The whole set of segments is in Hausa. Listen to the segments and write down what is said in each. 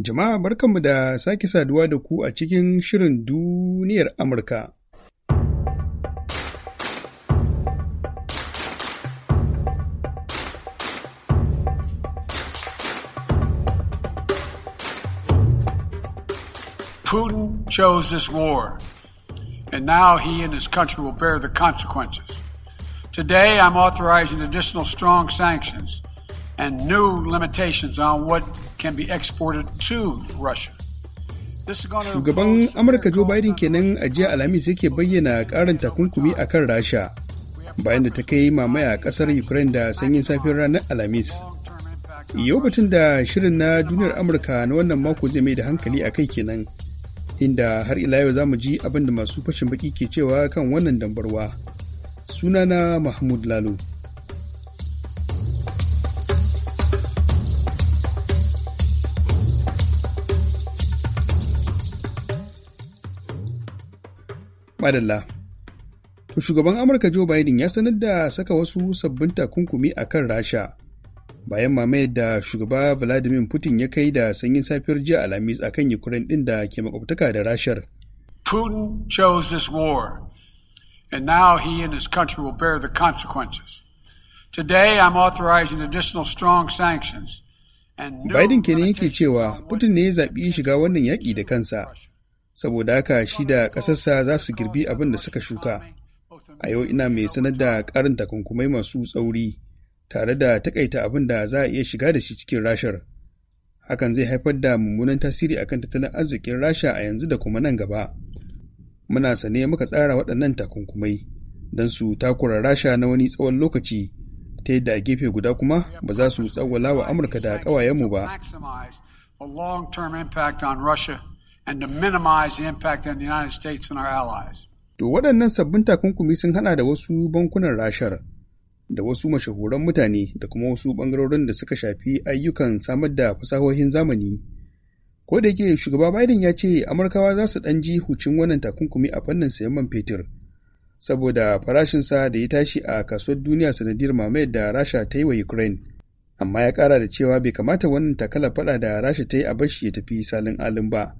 Jama'a barkanmu da sake saduwa da ku a cikin shirin duniyar Amurka. Putin chose this war, and now he and his country will bear the consequences. Today, I'm authorizing additional strong sanctions and new limitations on what can be exported to Russia. Shugaban Amurka Joe Biden kenan a jiya Alhamis yake bayyana karin takunkumi a kan Rasha bayan da ta kai mamaya a ƙasar Ukraine da sanyin safiyar ranar Alhamis. Yau batun da shirin na duniyar Amurka na wannan mako zai mai da hankali a kai kenan, inda har ila yau zamu ji abin da masu fashin baki ke cewa kan wannan dambarwa. Sunana Mahmud Lalo. madalla. To shugaban Amurka Joe Biden ya sanar da saka wasu sabbin takunkumi a kan Rasha bayan mamayar da shugaba Vladimir Putin ya kai da sanyin safiyar jiya Alhamis akan Ukraine ɗin da ke makwabtaka da Rashar. Putin chose this war and now he and his country will bear the consequences. Today I'm authorizing additional strong sanctions. Biden kenan yake cewa Putin ne ya zaɓi shiga wannan yaƙi da kansa. saboda haka shi da ƙasarsa za su girbi abin da suka shuka a yau ina mai sanar da karin takunkumai masu tsauri tare da takaita abin da za a iya shiga da shi cikin rashar hakan zai haifar da mummunan tasiri akan tattalin arzikin rasha a yanzu da kuma nan gaba muna sane muka tsara waɗannan takunkumai don su takura rasha na wani tsawon lokaci ta yadda a gefe guda kuma ba za su tsawwala wa amurka da ƙawayenmu ba and to waɗannan sabbin takunkumi sun haɗa da wasu bankunan rashar, da wasu mashahuran mutane da kuma wasu ɓangarorin da suka shafi ayyukan samar da fasahohin zamani. Ko da yake shugaba Biden ya ce Amurkawa za su ɗan ji hucin wannan takunkumi a fannin sayan man fetur, saboda farashinsa da ya tashi a kasuwar duniya sanadiyar mamayar da Rasha ta yi wa Ukraine. Amma ya ƙara da cewa bai kamata wannan takalar faɗa da Rasha ta yi a bashi ya tafi salin alin ba.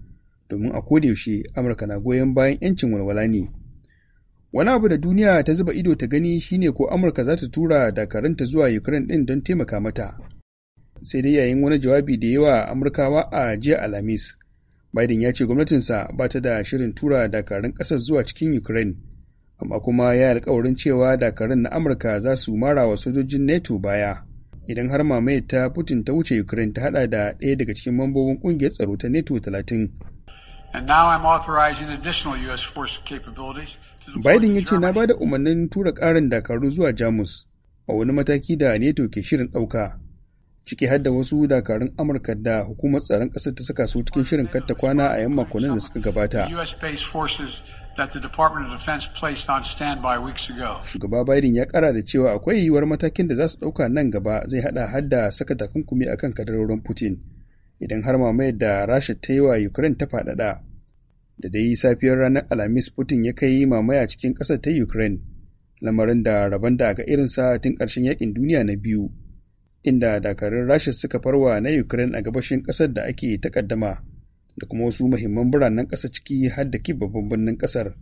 domin a yaushe amurka na goyon bayan 'yancin walwala ne wani abu da duniya ta zuba ido ta gani shine ko amurka za ta tura dakaranta zuwa ukraine din don taimaka mata sai dai yayin wani jawabi da yawa amurkawa a jiya alhamis biden ya ce gwamnatinsa ba ta da shirin tura dakarun ƙasar zuwa cikin ukraine amma kuma ya yi alkawarin cewa dakarun na amurka za su mara wa sojojin nato baya idan har mamayar ta putin ta wuce ukraine ta hada da ɗaya daga cikin mambobin ƙungiyar tsaro ta nato talatin Biden ya ce na ba da umarnin tura karin dakaru zuwa Jamus a wani mataki da NATO ke shirin ɗauka, ciki har da wasu dakarun Amurka da hukumar tsaron ƙasar ta saka su cikin shirin katta kwana a yan makonnin da suka gabata. Shugaba Biden ya kara da cewa akwai yiwuwar matakin da za su ɗauka nan gaba zai haɗa hadda saka takunkumi akan kadarorin Putin. idan har mamayar da rasha ta yi wa ukraine ta faɗaɗa da dai safiyar ranar alhamis putin ya kai mamaya cikin ƙasa ta ukraine lamarin da rabon da ga irinsa tun ƙarshen yakin duniya na biyu inda dakarun rasha suka farwa na ukraine a gabashin ƙasar da ake takaddama da kuma wasu muhimman biranen ƙasa ciki har da babban birnin ƙasar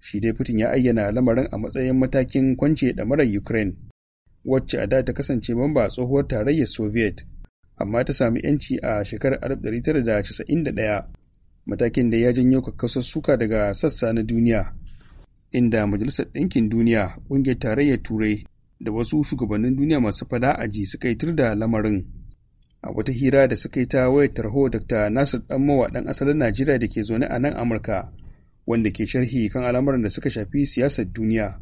shi dai putin ya ayyana lamarin a matsayin matakin kwance da marar ukraine wacce a da ta kasance mamba tsohuwar tarayyar soviet amma ta sami ‘yanci a shekarar 1991 matakin da ya janyo kakkasar suka daga sassa na duniya inda majalisar ɗinkin duniya ƙungiyar tarayyar turai da wasu shugabannin duniya masu fada aji suka yi tur da lamarin a wata hira da suka yi ta wayar tarho dr nasir ɗanmawa dan asalin najeriya da ke zaune a nan amurka wanda ke sharhi kan al'amuran da suka shafi siyasar duniya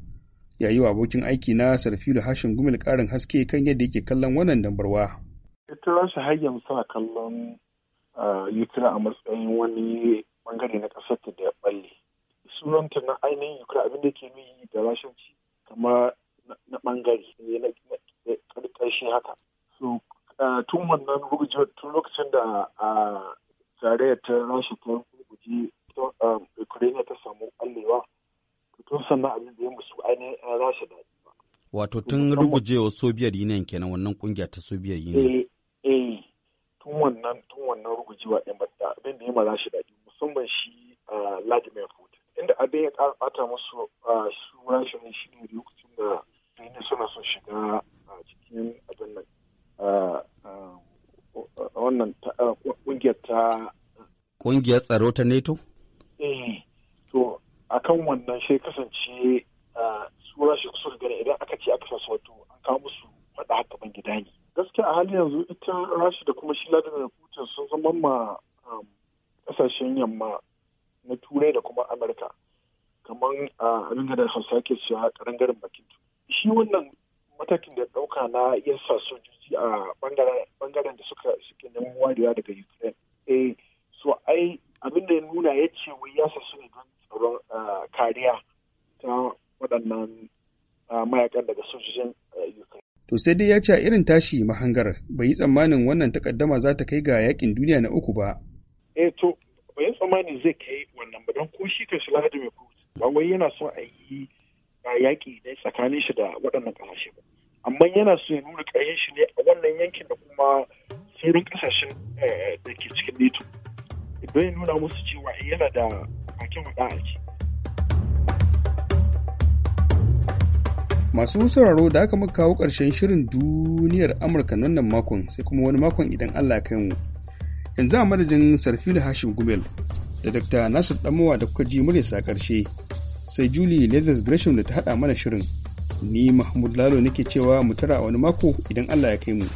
yayi wa abokin aiki na sarfilu hashin gumil ƙarin haske kan yadda yake kallon wannan dambarwa. ita rasha har yanzu suna kallon ah, ukraine a matsayin wani bangare na ƙasar ta da ya balle sunanta na ainihin ukraine abin da ke nuni da rashanci kama na bangare ne na ƙarshe haka so ah, tun wannan rugujewar tun lokacin da tarayyar ah, ta rasha ta ruguji ukraine ta samu ɓallewa tun sannan abin da ya musu ainihin rasha da Wato tun rugujewa Soviet Union kenan wannan kungiya ta Soviet Union. Eh, tun wannan tun wannan rugujewa ɗin ba abin da ya maza shi daɗi musamman shi Vladimir Putin inda abin ya ƙara ɓata musu su rashin shi ne lokacin da ne suna son shiga cikin abin nan wannan ƙungiyar ta ƙungiyar tsaro ta NATO? Eh, to akan wannan shi kasance su rashin su gani idan aka ce aka sa su wato hali yanzu ita rasha da kuma shi da putin sun zama ma kasashen um, yamma na turai da kuma amurka kamar a da hausa ke cewa garin bakin shi wannan matakin da dauka na sa sojoji a bangaren da suka suke neman wariya daga ukraine eh so ai abin da ya nuna ya ce wai ya sa su ne don tsaron kariya ta waɗannan mayakan daga sojojin to sai dai ya ce a irin tashi mahangar bai yi tsammanin wannan takaddama za ta kai ga yakin duniya na uku ba. eh to bai tsammani zai kai wannan ba don ko shi kan shi Vladimir Putin ba wai yana so a yi yaƙi ne tsakanin shi da waɗannan ƙasashe ba amma yana so ya nuna ƙarfin shi ne a wannan yankin da kuma sauran ƙasashen eh, da ke cikin NATO don ya nuna musu cewa yana da bakin wada a ciki Masu sauraro da aka muka kawo ƙarshen shirin duniyar Amurka nan makon sai kuma wani makon idan Allah kai mu. Yanzu a madadin Sarfila Hashim Gumel da Dr. Nasir Damowa da kuka ji murya a ƙarshe sai juli Leathers Gresham da ta haɗa mana shirin. Ni Mahmud Lalo nake cewa mu tara a wani mako idan Allah ya kai mu.